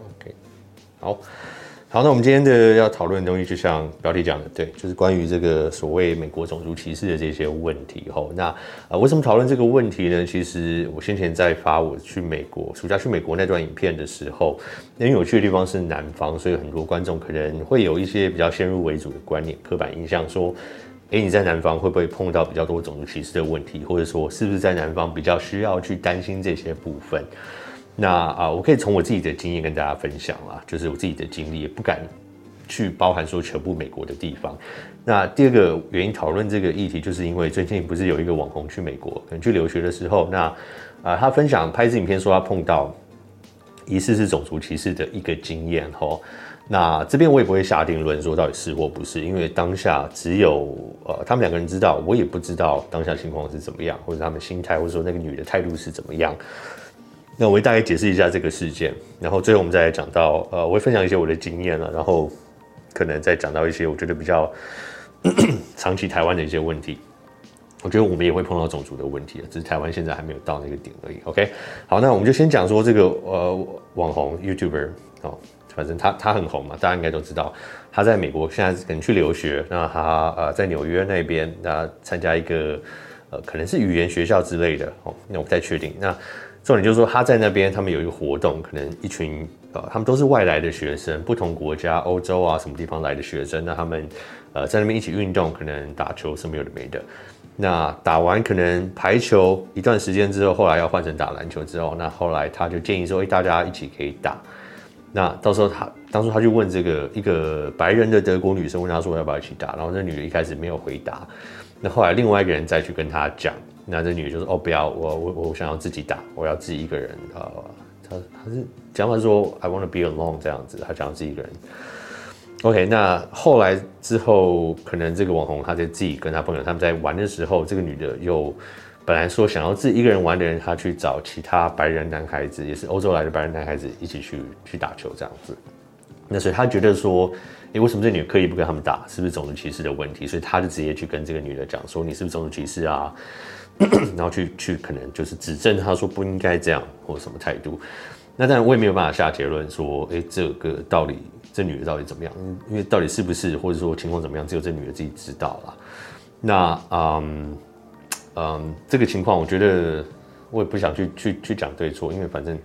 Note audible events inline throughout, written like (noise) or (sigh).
OK，好，好，那我們今天的要討論的東西，就像標題講的，對，就是關於這個所謂美國種族歧視的這些問題。那、呃、為什麼討論這個問題呢？其實我先前在發我去美國暑假去美國那段影片的時候，因為我去的地方是南方，所以很多觀眾可能會有一些比較先入為主的觀念、刻板印象，說，誒、欸，你在南方會不會碰到比較多種族歧視的問題，或者說是不是在南方比較需要去擔心這些部分？那啊、呃，我可以從我自己的經驗跟大家分享啦，就是我自己的經歷也不敢去包含說全部美國的地方。那第二個原因討論這個議題，就是因為最近不是有一個網紅去美國，可能去留學的時候，那啊、呃，他分享拍一影片說他碰到疑似是種族歧視的一個經驗哦。那這邊我也不會下定論說到底是或不是，因為當下只有呃他們兩個人知道，我也不知道當下情況是怎麼樣，或者他們心態，或者說那個女的態度是怎麼樣。那我會大概解釋一下這個事件，然後最後我們再來講到呃，我會分享一些我的經驗了，然後可能再講到一些我覺得比較咳咳長期台灣的一些問題。我覺得我們也會碰到種族的問題，只是台灣現在還沒有到那個點而已。OK，好，那我們就先講說這個呃網紅 YouTuber 哦。反正他他很紅嘛，大家應該都知道。他在美國現在可能去留學，那他呃在紐約那邊，那參加一個呃可能是語言學校之類的哦，那我不太確定。那重點就是說他在那邊，他們有一個活動，可能一群呃他們都是外來的學生，不同國家、歐洲啊什麼地方來的學生，那他們呃在那邊一起運動，可能打球什麼有的沒的。那打完可能排球一段時間之後，後來要換成打籃球之後，那後來他就建議說，誒、欸，大家一起可以打。那到時候他當初他就問這個一個白人的德國女生，問他說我要不要一起打，然後那女的一開始沒有回答，那後來另外一個人再去跟他講，那這女的就說哦不要，我我我，我想要自己打，我要自己一個人，呃，她她是講話說 I want to be alone 這樣子，她想要自己一個人。OK，那後來之後可能這個網紅他在自己跟他朋友他們在玩的時候，這個女的又。本來說想要自己一個人玩的人，他去找其他白人男孩子，也是歐洲來的白人男孩子一起去去打球這樣子。那所以他覺得說，誒，為什麼這女的刻意不跟他們打，是不是種族歧視的問題？所以他就直接去跟這個女的講說，你是不是種族歧視啊？然後去去可能就是指證他說不應該這樣或什麼態度。那當然我也沒有辦法下結論說，誒，這個到底這女的到底怎麼樣？因為到底是不是或者說情況怎麼樣，只有這女的自己知道了。那嗯。嗯，這個情況我覺得我也不想去去去講對錯，因為反正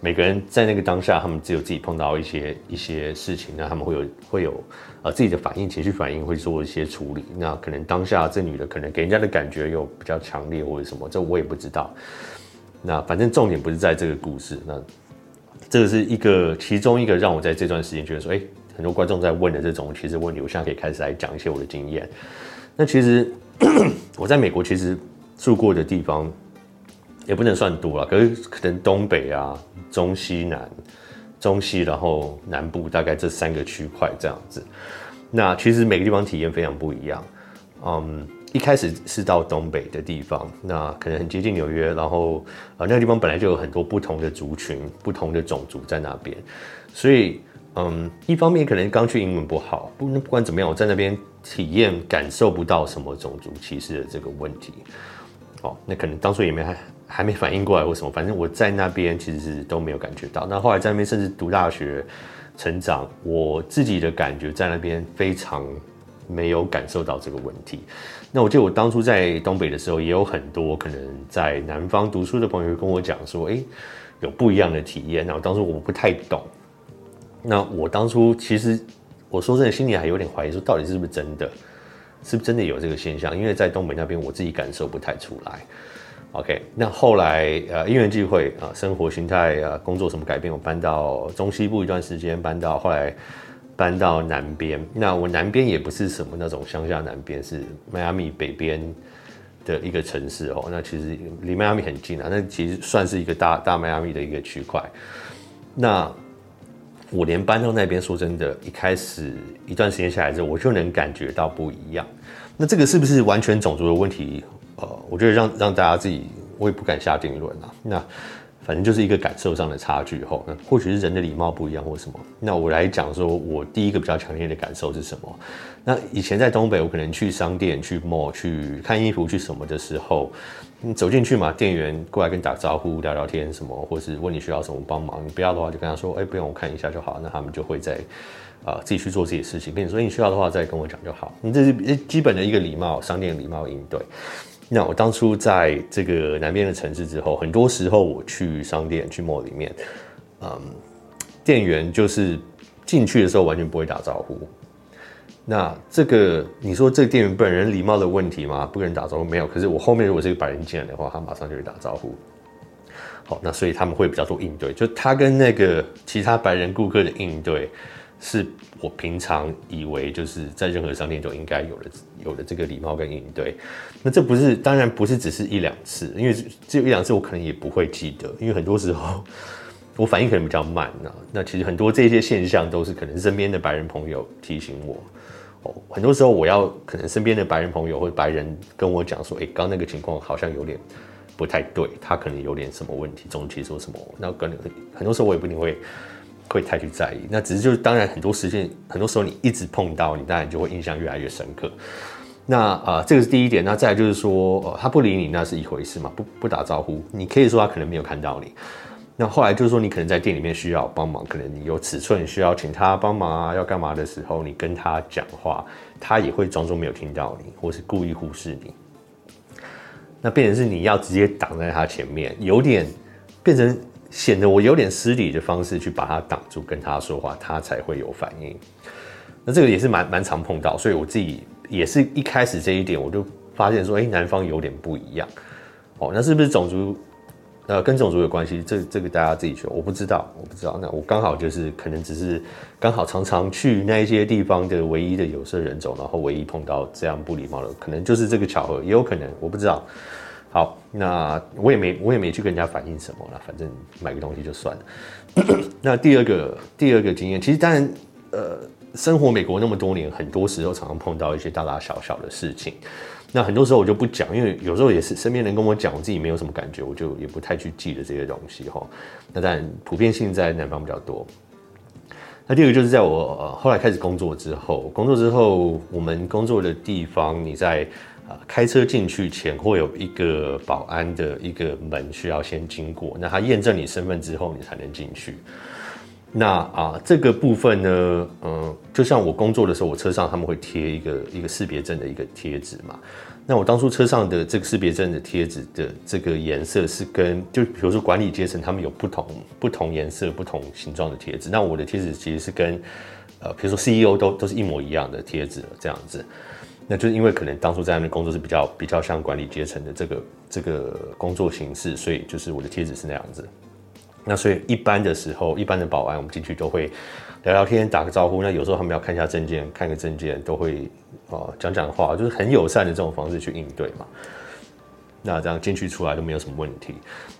每個人在那個當下，他們只有自己碰到一些一些事情，那他們會有會有啊、呃、自己的反應，情緒反應會做一些處理。那可能當下這女的可能給人家的感覺又比較強烈或者什麼，這我也不知道。那反正重點不是在這個故事，那這個是一個其中一個讓我在這段時間覺得說，哎，很多觀眾在問的這種，其實問，我現在可以開始來講一些我的經驗。那其實。 (coughs) 我在美國其實住過的地方也不能算多啦，可是可能東北啊、中西南、中西，然後南部大概這三個區塊這樣子。那其實每個地方體驗非常不一樣。嗯，一開始是到東北的地方，那可能很接近紐約，然後啊那個地方本來就有很多不同的族群、不同的種族在那邊，所以嗯，一方面可能剛去英文不好，不不管怎麼樣，我在那邊。體驗感受不到什麼種族歧視的這個問題，哦，那可能當初也沒還沒反應過來為什麼，反正我在那邊其實是都沒有感覺到。那後來在那邊甚至讀大學、成長，我自己的感覺在那邊非常沒有感受到這個問題。那我記得我當初在東北的時候，也有很多可能在南方讀書的朋友跟我講說，誒，有不一樣的體驗。那我當初我不太懂。那我當初其實。我說真的，心裡還有點懷疑，說到底是不是真的，是不是真的有這個現象？因為在東北那邊，我自己感受不太出來。OK，那後來呃，因緣際會啊、呃，生活型態啊，工作什麼改變，我搬到中西部一段時間，搬到後來搬到南邊。那我南邊也不是什麼那種鄉下南邊，南邊是邁阿密北邊的一個城市哦、喔。那其實離邁阿密很近啊，那其實算是一個大大邁阿密的一個區塊。那我連搬到那邊，說真的，一開始一段時間下來之後，我就能感覺到不一樣。那這個是不是完全種族的問題？呃，我覺得讓讓大家自己，我也不敢下定論啊。那。反正就是一個感受上的差距，吼，那或許是人的禮貌不一樣，或什麼。那我來講說，我第一個比較強烈的感受是什麼？那以前在東北，我可能去商店、去 mall、去看衣服、去什麼的時候，你走進去嘛，店員過來跟你打招呼、聊聊天什麼，或是問你需要什麼幫忙。你不要的話，就跟他說，哎、欸，不用，我看一下就好。那他們就會在啊、呃、自己去做自己的事情，跟你說、欸、你需要的話再跟我講就好。你這是基本的一個禮貌，商店禮貌應對。那我當初在這個南邊的城市之後，很多時候我去商店、去 mall 裡面，嗯，店員就是進去的時候完全不會打招呼。那這個你說這個店員本人禮貌的問題嗎？不跟人打招呼沒有。可是我後面如果是一個白人進來的話，他馬上就會打招呼。好，那所以他們會比較多應對，就他跟那個其他白人顧客的應對是。我平常以為就是在任何商店就應該有了有了這個禮貌跟應對，那這不是當然不是只是一兩次，因為只有一兩次我可能也不會記得，因為很多時候我反應可能比較慢吶、啊。那其實很多這些現象都是可能身邊的白人朋友提醒我，哦，很多時候我要可能身邊的白人朋友或白人跟我講說，哎、欸，剛那個情況好像有點不太對，他可能有點什麼問題，中期說什麼，那可能很多時候我也不一定會。會太去在意，那只是就是當然很多時間很多時候你一直碰到你，當然就會印象越來越深刻。那啊、呃，這個是第一點。那再來就是說，呃，他不理你，那是一回事嘛，不不打招呼，你可以說他可能沒有看到你。那後來就是說，你可能在店裡面需要幫忙，可能你有尺寸需要請他幫忙啊，要幹嘛的時候，你跟他講話，他也會裝作沒有聽到你，或是故意忽視你。那變成是你要直接擋在他前面，有點變成，顯得我有點失禮的方式去把他擋住，跟他說話，他才會有反應。那這個也是蠻蠻常碰到，所以我自己也是一開始這一點我就發現說，誒、欸，南方有點不一樣。哦，那是不是種族，呃，跟種族有關係？這這個大家自己去，我不知道，我不知道。那我剛好就是可能只是剛好常常去那一些地方的唯一的有色人種，然後唯一碰到這樣不禮貌的，可能就是這個巧合，也有可能，我不知道。好，那我也沒我也沒去跟人家反映什麼了，反正買個東西就算了。 (coughs) 那第二個第二個經驗，其實當然，呃，生活美國那麼多年，很多時候常常碰到一些大大小小的事情。那很多時候我就不講，因為有時候也是身邊人跟我講，我自己沒有什麼感覺，我就也不太去記得這些東西哈。那當然，普遍性在南方比較多。那第二個就是在我、呃、後來開始工作之後，工作之後我們工作的地方你在。開車進去前會有一個保安的一個門需要先經過，那他驗證你身份之後，你才能進去。那啊，這個部分呢，嗯，就像我工作的時候，我車上他們會貼一個一個識別證的一個貼紙嘛。那我當初車上的這個識別證的貼紙的這個顏色是跟，就比如說管理階層他們有不同不同顏色、不同形狀的貼紙，那我的貼紙其實是跟，譬、呃、比如說 CEO 都都是一模一樣的貼紙這樣子。那就是因為可能當初在那邊工作是比較比較像管理階層的這個這個工作形式，所以就是我的貼紙是那樣子。那所以一般的時候，一般的保安我們進去都會聊聊天、打個招呼。那有時候他們要看一下證件，看個證件都會呃講講話，就是很友善的這種方式去應對嘛。那這樣進去出來都沒有什麼問題。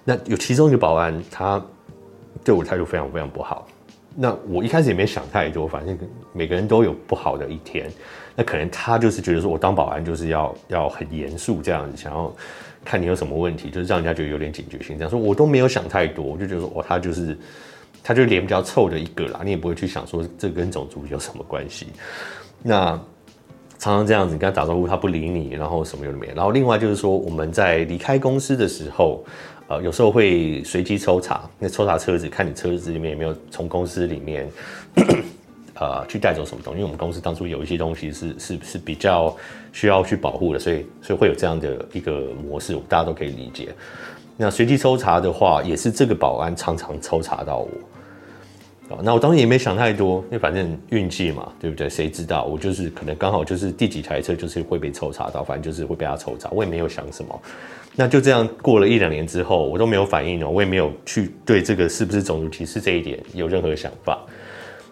那有其中一個保安，他對我態度非常非常不好。那我一開始也沒想太多，反正每個人都有不好的一天。那可能他就是覺得說，我當保安就是要要很嚴肅這樣子，想要看你有什麼問題，就是讓人家覺得有點警覺性。這樣說我都沒有想太多，我就覺得說，哦，他就是他就臉比較臭的一個啦，你也不會去想說這跟種族有什麼關係。那常常這樣子，你跟他打招呼，他不理你，然後什麼有的沒的，然後另外就是說，我們在離開公司的時候。呃，有時候會隨機抽查，那抽查車子，看你車子裡面有沒有從公司裡面，咳咳呃，去帶走什麼東西。因為我們公司當初有一些東西是是是比較需要去保護的，所以所以會有這樣的一個模式，大家都可以理解。那隨機抽查的話，也是這個保安常常抽查到我。那我當時也沒想太多，因為反正運氣嘛，對不對？誰知道我就是可能剛好就是第幾台車就是會被抽查到，反正就是會被他抽查，我也沒有想什麼。那就這樣過了一兩年之後，我都沒有反應了，我也沒有去對這個是不是種族歧視這一點有任何想法。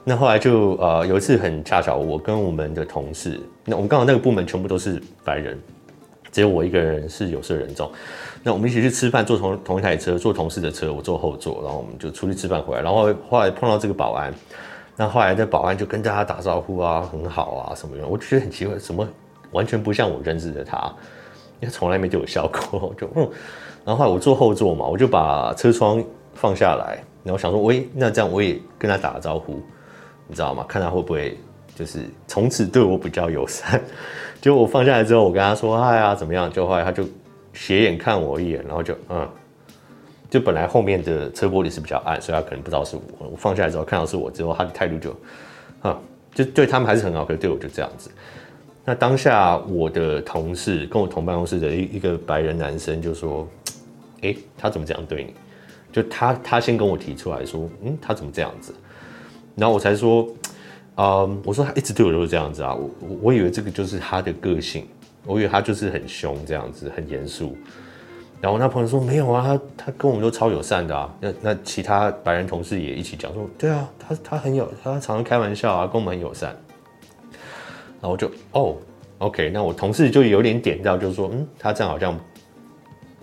那後來就呃有一次很恰巧，我跟我們的同事，那我們剛好那個部門全部都是白人。只有我一個人是有色人種，那我們一起去吃飯，坐同同一台車，坐同事的車，我坐後座，然後我們就出去吃飯回來，然後後來碰到這個保安，那後來的保安就跟大家打招呼啊，很好啊什麼的，我就覺得很奇怪，怎麼完全不像我認識的他，因為從來沒對我笑過，就嗯，然後後來我坐後座嘛，我就把車窗放下來，然後想說，喂，那這樣我也跟他打個招呼，你知道嗎？看他會不會。就是從此對我比較友善，就我放下來之後，我跟他說哎呀、啊、怎麼樣？就後來他就斜眼看我一眼，然後就嗯，就本來後面的車玻璃是比較暗，所以他可能不知道是我。我放下來之後看到是我之後，他的態度就、嗯，就對他們還是很好，可是對我就這樣子。那當下我的同事跟我同辦公室的一一個白人男生就說，哎，他怎麼這樣對你？就他他先跟我提出來說，嗯，他怎麼這樣子？然後我才說。嗯、um，我說他一直對我都是這樣子啊，我我，我以為這個就是他的個性，我以為他就是很兇這樣子，很嚴肅。然後那朋友說沒有啊，他他跟我們都超友善的啊。那那其他白人同事也一起講說，對啊，他他很有，他常常開玩笑啊，跟我們很友善。然後就哦，OK，那我同事就有點點到，就說嗯，他這樣好像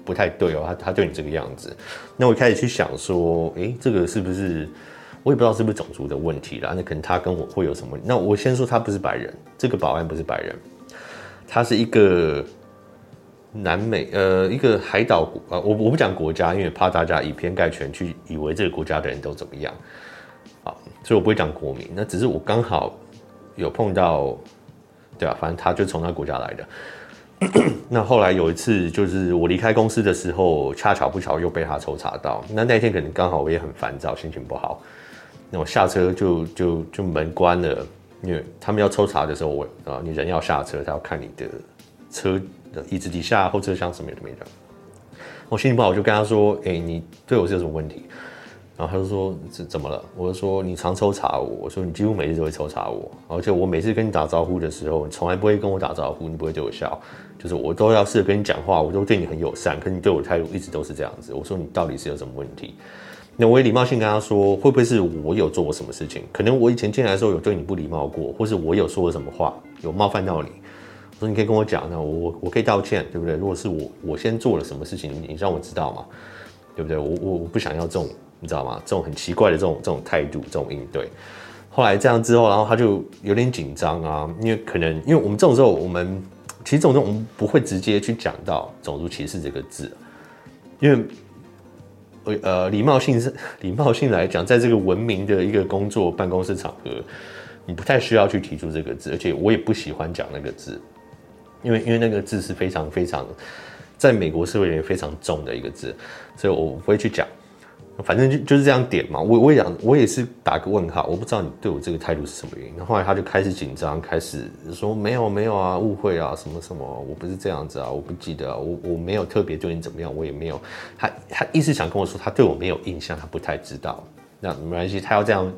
不太對哦，他他對你這個樣子。那我開始去想說，哎，這個是不是？我也不知道是不是種族的問題啦，那可能他跟我會有什麼問題？那我先說他不是白人，這個保安不是白人，他是一個南美呃一個海島國，呃、我我不講國家，因為怕大家以偏概全去以為這個國家的人都怎麼樣，啊，所以我不會講國民，那只是我剛好有碰到，對吧，啊？反正他就從那國家來的。 (coughs) 那後來有一次就是我離開公司的時候，恰巧不巧又被他抽查到，那那天可能剛好我也很煩躁，心情不好。那我下車就就就,就門關了，因為他們要抽查的時候，我啊，你人要下車，他要看你的車的椅子底下、後車廂什麼都沒的。我心情不好，我就跟他說：“哎，你對我是有什麼問題？”然後他就說：“怎怎麼了？”我就說：“你常抽查我，我說你幾乎每次都會抽查我，而且我每次跟你打招呼的時候，你從來不會跟我打招呼，你不會對我笑，就是我都要試着跟你講話，我都對你很友善，可是你對我的態度一直都是這樣子。”我說：“你到底是有什麼問題？”那我也禮貌性跟他說，會不會是我有做過什麼事情？可能我以前進來的時候有對你不禮貌過，或是我有說過什麼話有冒犯到你？我說，你可以跟我講，那我我我可以道歉，對不對？如果是我我先做了什麼事情，你讓我知道嘛，對不對？我我我不想要這種，你知道嗎？這種很奇怪的這種這種態度，這種應對。後來這樣之後，然後他就有點緊張啊，因為可能因為我們這種時候，我們其實這種，這種我們不會直接去講到種族歧視這個字，因為。呃呃，禮貌性是禮貌性來講，在這個文明的一個工作辦公室場合，你不太需要去提出這個字，而且我也不喜歡講那個字，因為因為那個字是非常非常，在美國社會裡面非常重的一個字，所以我不會去講。反正就就是這樣點嘛，我我也想，我也是打個問號，我不知道你對我這個態度是什麼原因。然後，後來他就開始緊張，開始說沒有沒有啊，誤會啊，什麼什麼，我不是這樣子啊，我不記得啊，我我沒有特別對你怎麼樣，我也沒有，他他一直想跟我說他對我沒有印象，他不太知道。那沒關係，他要這樣，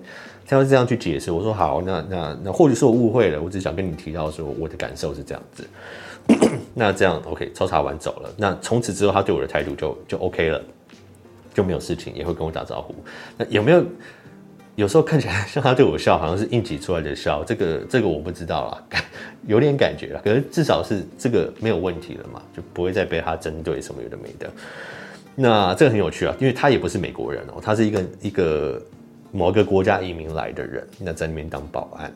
他要這樣去解釋。我說好，那那那，那或許是我誤會了，我只想跟你提到說我的感受是這樣子。 (coughs) 那這樣 OK，抽查完走了。那從此之後，他對我的態度就就 OK 了。就沒有事情，也會跟我打招呼。那有沒有，有時候看起來像他對我笑，好像是硬擠出來的笑，這個這個我不知道啦，有點感覺了。可能至少是這個沒有問題了嘛，就不會再被他針對什麼有的沒的。那這個很有趣啊，因為他也不是美國人哦、喔，他是一個一個某一個國家移民來的人，那在那邊當保安。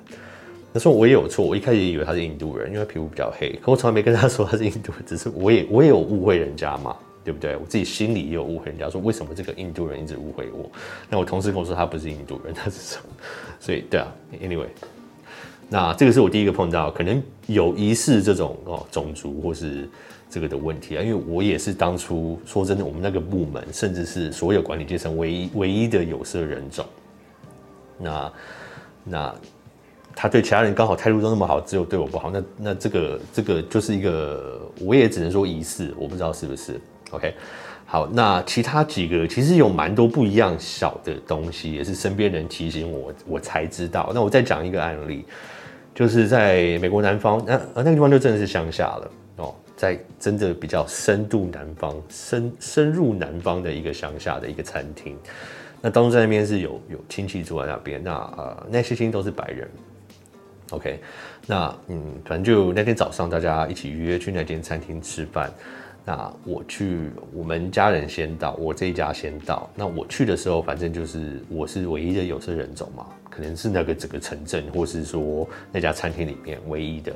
他說我也有錯，我一開始也以為他是印度人，因為他皮膚比較黑，可我從來沒跟他說他是印度人，只是我也我也有誤會人家嘛。對不對？我自己心裡也有誤會，人家說為什麼這個印度人一直誤會我？那我同事跟我說他不是印度人，他是什麼？所以對啊，Anyway，那這個是我第一個碰到，可能有疑似這種哦種族或是這個的問題啊，因為我也是當初說真的，我們那個部門甚至是所有管理階層唯一唯一的有色人種。那那他對其他人剛好態度都那麼好，只有對我不好，那那這個這個就是一個，我也只能說疑似，我不知道是不是。OK，好，那其他幾個其實有蠻多不一樣小的東西，也是身邊人提醒我，我才知道。那我再講一個案例，就是在美國南方，那那個地方就真的是鄉下了哦，在真的比較深度南方，深深入南方的一個鄉下的一個餐廳。那當中在那邊是有有親戚住在那邊，那呃那些親戚都是白人。OK，那嗯，反正就那天早上大家一起約去那間餐廳吃飯。那我去，我們家人先到，我這一家先到。那我去的時候，反正就是我是唯一的有色人種嘛，可能是那個整個城鎮，或是說那家餐廳裡面唯一的。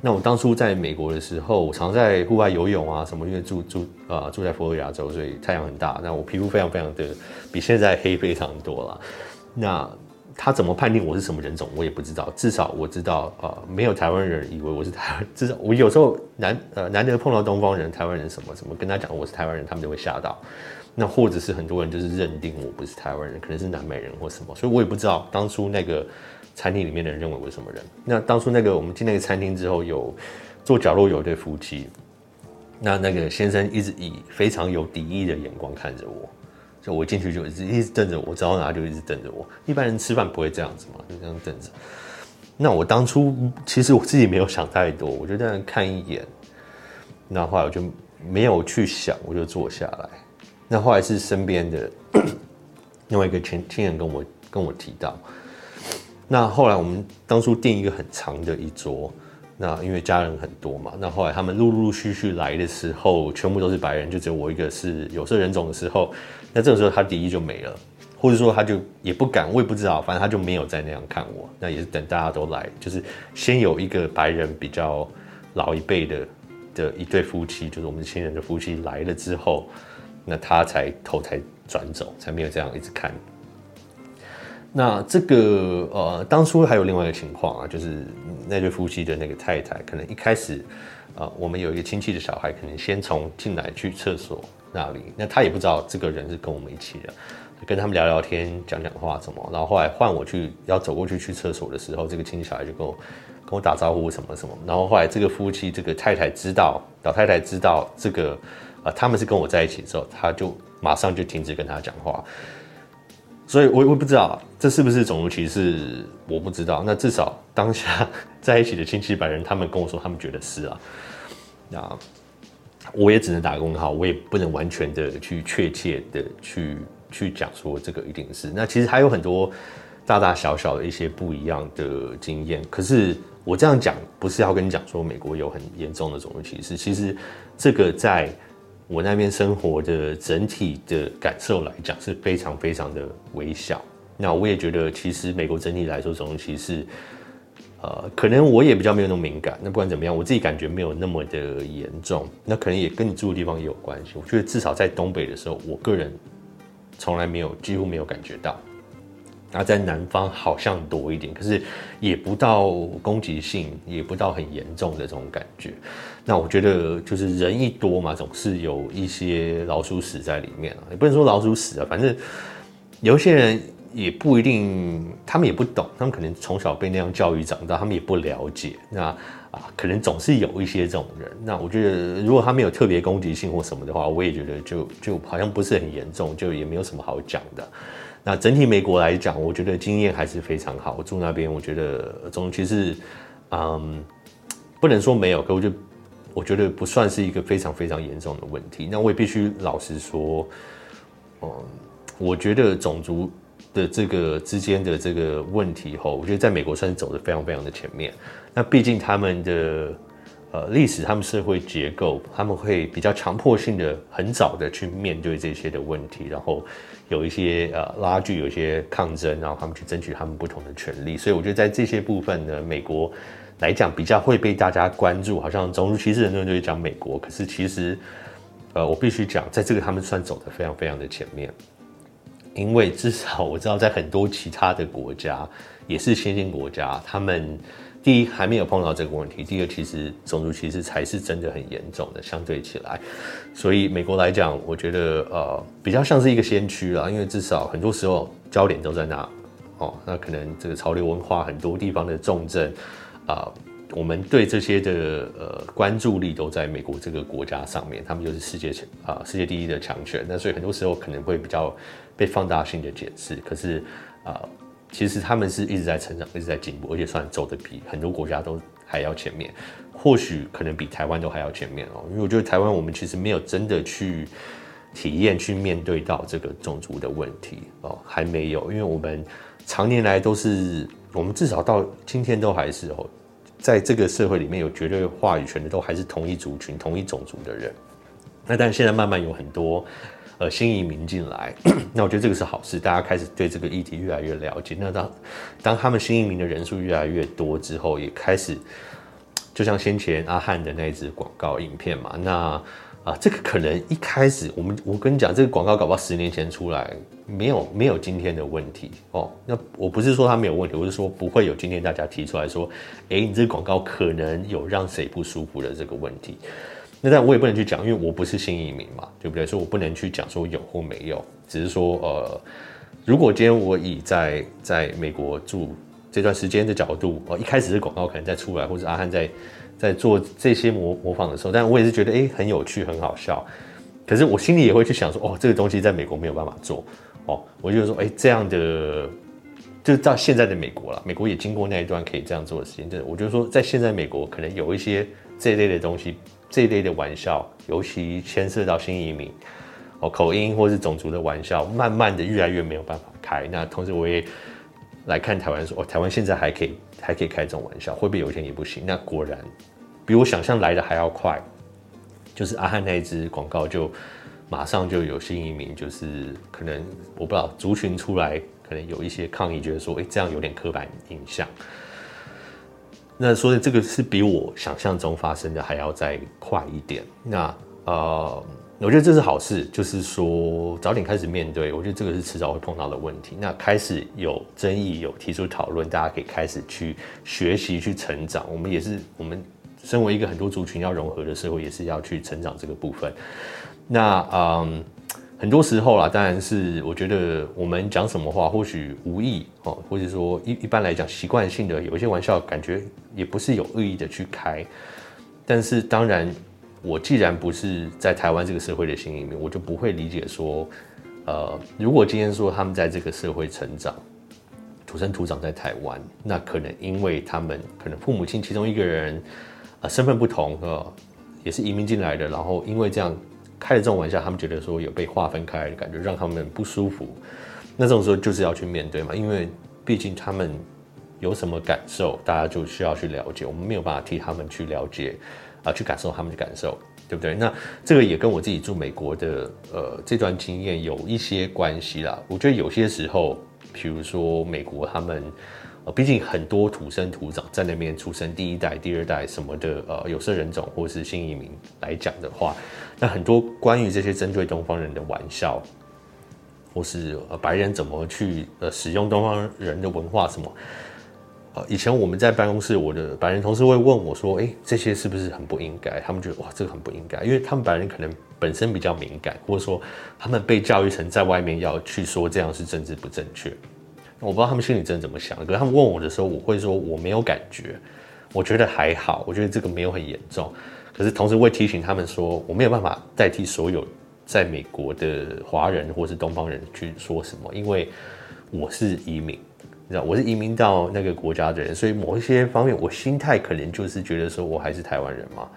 那我當初在美國的時候，我常在戶外游泳啊什麼，因為住住啊、呃、住在佛羅里達州，所以太陽很大。那我皮膚非常非常的比現在黑非常多了。那他怎麼判定我是什麼人種，我也不知道。至少我知道，呃，沒有台灣人以為我是台灣，至少我有時候難，呃，難得碰到東方人、台灣人什麼什麼，跟他講我是台灣人，他們就會嚇到。那或者是很多人就是認定我不是台灣人，可能是南美人或什麼，所以我也不知道當初那個餐廳裡面的人認為我是什麼人。那當初那個我們進那個餐廳之後，有坐角落有一對夫妻，那那個先生一直以非常有敵意的眼光看着我。就我一進去就一直瞪着，我走到哪，就一直瞪着我。一般人吃飯不會這樣子嘛，就這樣瞪着。那我當初其實我自己沒有想太多，我就在那看一眼，那後來我就沒有去想，我就坐下來。那後來是身邊的另外咳咳一個親人，跟我跟我提到，那後來我們當初訂一個很長的一桌。那因為家人很多嘛，那後來他們陸陸續續來的時候，全部都是白人，就只有我一個是有色人種的時候，那這個時候他敵意就沒了，或者說他就也不敢，我也不知道，反正他就沒有再那樣看我。那也是等大家都來，就是先有一個白人比較老一輩的的一對夫妻，就是我們親人的夫妻來了之後，那他才頭才轉走，才沒有這樣一直看。那這個呃，當初還有另外一個情況啊，就是那對夫妻的那個太太，可能一開始，呃，我們有一個親戚的小孩，可能先從進來去廁所那裡，那他也不知道這個人是跟我們一起的，跟他們聊聊天，講講話什麼。然後後來換我去要走過去去廁所的時候，這個親戚小孩就跟我跟我打招呼什麼什麼。然後後來這個夫妻這個太太知道，老太太知道這個啊，呃，他們是跟我在一起的時候，他就馬上就停止跟他講話。所以，我我不知道這是不是種族歧視，我不知道。那至少當下在一起的親戚白人，他們跟我說，他們覺得是啊。那，啊，我也只能打個問號，我也不能完全的去確切的去去講說這個一定是。那其實還有很多大大小小的一些不一樣的經驗。可是我這樣講不是要跟你講說美國有很嚴重的種族歧視。其實這個在。我那邊生活的整體的感受來講，是非常非常的微小。那我也覺得，其實美國整體來說，這種歧視，呃，可能我也比較沒有那麼敏感。那不管怎麼樣，我自己感覺沒有那麼的嚴重。那可能也跟你住的地方也有關係。我覺得至少在東北的時候，我個人從來沒有，幾乎沒有感覺到。那、啊、在南方好像多一點，可是也不到攻擊性，也不到很嚴重的這種感覺。那我覺得就是人一多嘛，總是有一些老鼠屎在裡面啊。也不能說老鼠屎啊，反正有些人也不一定，他們也不懂，他們可能從小被那樣教育長大，他們也不了解。那啊，可能總是有一些這種人。那我覺得，如果他沒有特別攻擊性或什麼的話，我也覺得就就好像不是很嚴重，就也沒有什麼好講的。那整體美國來講，我覺得經驗還是非常好。我住那邊，我覺得種族其實嗯，不能說沒有，可我就我覺得不算是一個非常非常嚴重的問題。那我也必須老實說，嗯，我覺得種族的這個之間的這個問題，吼，我覺得在美國算是走得非常非常的前面。那畢竟他們的。呃，歷史，他們社會結構，他們會比較強迫性的很早的去面對這些的問題，然後有一些呃拉鋸，有一些抗爭，然後他們去爭取他們不同的權利。所以我覺得在這些部分呢，美國來講比較會被大家關注，好像種族歧視很多人就會講美國。可是其實，呃，我必須講，在這個他們算走得非常非常的前面，因為至少我知道在很多其他的國家，也是先進國家，他們。第一還沒有碰到這個問題，第二其實種族歧視才是真的很嚴重的，相對起來，所以美國來講，我覺得呃比較像是一個先驅啦，因為至少很多時候焦點都在那，哦，那可能這個潮流文化很多地方的重鎮啊、呃，我們對這些的呃關注力都在美國這個國家上面，他們就是世界啊、呃、世界第一的強權，那所以很多時候可能會比較被放大性的解釋，可是啊。呃其實他們是一直在成長，一直在進步，而且算走得比很多國家都還要前面，或許可能比台灣都還要前面哦。因為我覺得台灣我們其實沒有真的去體驗、去面對到這個種族的問題哦，還沒有。因為我們常年來都是，我們至少到今天都還是哦，在這個社會裡面有絕對話語權的都還是同一族群、同一種族的人。那但現在慢慢有很多。呃，新移民進來， (coughs) 那我覺得這個是好事，大家開始對這個議題越來越了解。那當當他們新移民的人數越來越多之後，也開始，就像先前阿翰的那一支廣告影片嘛。那啊、呃，這個可能一開始我們我跟你講，這個廣告搞不好十年前出來，沒有沒有今天的問題哦。那我不是說他沒有問題，我是說不會有今天大家提出來說，誒、欸，你這個廣告可能有讓誰不舒服的這個問題。那但我也不能去講，因為我不是新移民嘛，對不對？所以我不能去講說有或沒有，只是說呃，如果今天我以在在美國住這段時間的角度，哦、呃，一開始的廣告可能在出來，或者阿翰在在做這些模模仿的時候，但我也是覺得哎、欸，很有趣，很好笑。可是我心裡也會去想說，哦，這個東西在美國沒有辦法做。哦，我就說哎、欸，這樣的，就到現在的美國了，美國也經過那一段可以這樣做的事情。這、就是，我覺得說，在現在美國可能有一些這一類的東西。這一類的玩笑，尤其牽涉到新移民，哦，口音或是種族的玩笑，慢慢的越來越沒有辦法開。那同時我也來看台灣說，哦，台灣現在還可以，還可以開這種玩笑，會不會有一天也不行？那果然比我想象來得還要快，就是阿翰那一支廣告就馬上就有新移民，就是可能我不知道族群出來，可能有一些抗議，覺得說，誒、欸，這樣有點刻板印象。那所以，這個是比我想象中發生的還要再快一點。那呃，我覺得這是好事，就是說早點開始面對，我覺得這個是遲早會碰到的問題。那開始有爭議，有提出討論，大家可以開始去學習、去成長。我們也是，我們身為一個很多族群要融合的社會，也是要去成長這個部分。那嗯。呃很多時候啦，當然是我覺得我們講什麼話或許無意哦，或者說一一般來講習慣性的有一些玩笑，感覺也不是有惡意的去開。但是當然，我既然不是在台灣這個社會的新移民，我就不會理解說，呃，如果今天說他們在這個社會成長，土生土長在台灣，那可能因為他們可能父母親其中一個人，呃，身份不同啊，呃，也是移民進來的，然後因為這樣。開了這種玩笑，他們覺得說有被劃分開的感覺，讓他們不舒服。那這種時候就是要去面對嘛，因為畢竟他們有什麼感受，大家就需要去了解。我們沒有辦法替他們去了解啊、呃，去感受他們的感受，對不對？那這個也跟我自己住美國的呃這段經驗有一些關係啦。我覺得有些時候，譬如說美國他們呃，畢竟很多土生土長在那邊出生，第一代、第二代什麼的，呃有色人種或是新移民來講的話。那很多關於這些針對東方人的玩笑，或是白人怎麼去呃使用東方人的文化什麼，以前我們在辦公室，我的白人同事會問我說：“哎，這些是不是很不應該？”他們覺得哇，這個很不應該，因為他們白人可能本身比較敏感，或者說他們被教育成在外面要去說這樣是政治不正確。我不知道他們心裡真的怎麼想，可是他們問我的時候，我會說我沒有感覺，我覺得還好，我覺得這個沒有很嚴重。可是同時會提醒他們說，我沒有辦法代替所有在美國的華人或是東方人去說什麼，因為我是移民，你知道我是移民到那個國家的人，所以某一些方面我心態可能就是覺得說我還是台灣人嘛，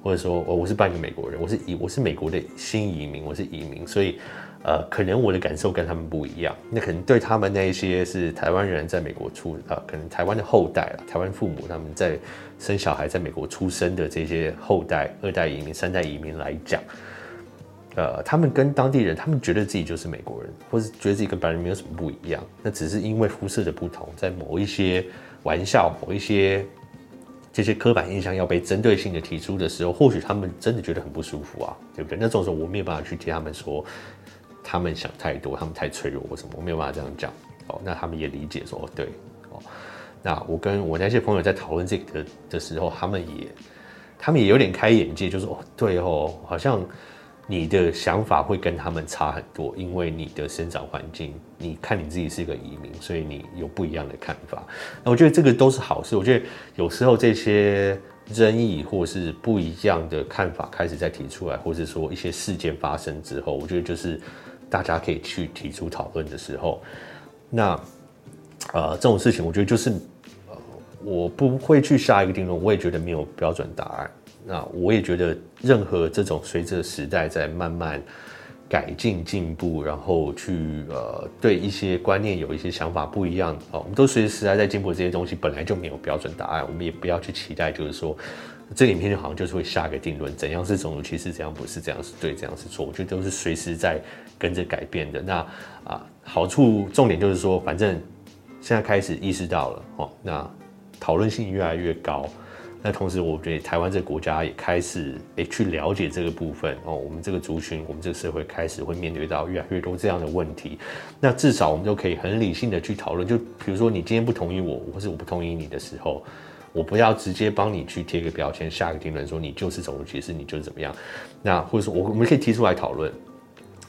或者說我是半個美國人，我是移我是美國的新移民，我是移民，所以。呃，可能我的感受跟他們不一樣。那可能對他們那一些是台灣人在美國出啊，呃，可能台灣的後代啊，台灣父母他們在生小孩在美國出生的這些後代，二代移民、三代移民來講，呃，他們跟當地人，他們覺得自己就是美國人，或是覺得自己跟白人沒有什麼不一樣，那只是因為膚色的不同，在某一些玩笑、某一些這些刻板印象要被針對性的提出的時候，或許他們真的覺得很不舒服啊，對不對？那這種時候我沒有辦法去替他們說。他們想太多，他們太脆弱或什麼，我沒有辦法這樣講哦。那他們也理解說哦，對哦。那我跟我那些朋友在討論這個的時候，他們也，他們也有點開眼界，就是，哦，對哦，好像你的想法會跟他們差很多，因為你的生長環境，你看你自己是一個移民，所以你有不一樣的看法。那我覺得這個都是好事。我覺得有時候這些爭議或是不一樣的看法開始在提出來，或是說一些事件發生之後，我覺得就是。大家可以去提出討論的時候，那，呃，這種事情，我覺得就是，呃，我不會去下一個定論，我也覺得沒有標準答案。那我也覺得，任何這種隨着時代在慢慢改進進步，然後去呃，對一些觀念有一些想法不一樣啊、呃，我們都隨著時代在進步，這些東西本來就沒有標準答案，我們也不要去期待，就是說。這個、影片，好像就是會下個定論，怎樣是種族歧視，怎樣不是，怎樣是對，怎樣是錯。我覺得都是隨時在跟着改變的。那啊，好處重點就是說，反正現在開始意識到了哦。那討論性越來越高。那同時，我覺得台灣這個國家也開始誒去了解這個部分哦。我們這個族群，我們這個社會開始會面對到越來越多這樣的問題。那至少我們都可以很理性的去討論。就比如說，你今天不同意我，或是我不同意你的時候。我不要直接幫你去貼個標籤，下個定論說你就是種族歧視，你就是怎麼樣。那或者說，我我們可以提出來討論。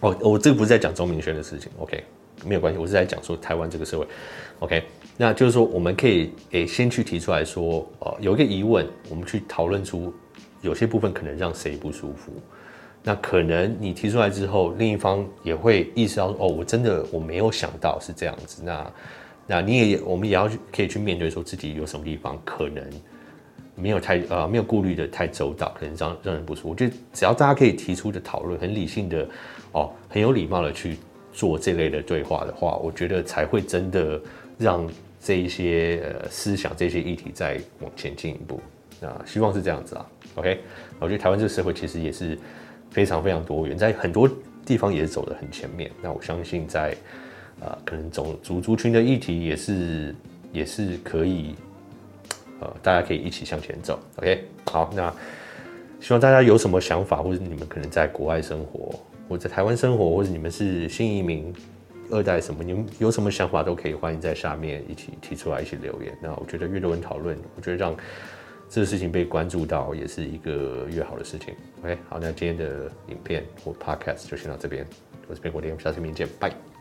哦，我這個不是在講鍾明軒的事情，OK，沒有關係。我是在講說台灣這個社會，OK，那就是說我們可以誒、欸、先去提出來說，哦、呃，有一個疑問，我們去討論出有些部分可能讓誰不舒服。那可能你提出來之後，另一方也會意識到哦，我真的我沒有想到是這樣子。那那你也，我們也要去，可以去面對，說自己有什麼地方可能沒有太啊、呃，沒有顧慮的太周到，可能讓讓人不舒服。我覺得只要大家可以提出的討論很理性的，哦，很有禮貌的去做這類的對話的話，我覺得才會真的讓這一些呃思想、這些議題再往前進一步。那希望是這樣子啊，OK？我覺得台灣這個社會其實也是非常非常多元，在很多地方也是走得很前面。那我相信在。啊、呃，可能種族族群的議題也是也是可以，呃，大家可以一起向前走。OK，好，那希望大家有什麼想法，或者你們可能在國外生活，或在台灣生活，或者你們是新移民二代什麼，你們有什麼想法都可以歡迎在下面一起提出來一起留言。那我覺得越多人討論，我覺得讓這個事情被關注到也是一個越好的事情。OK，好，那今天的影片或 Podcast 就先到這邊，我是蘋果爹，我們下次明天見，拜。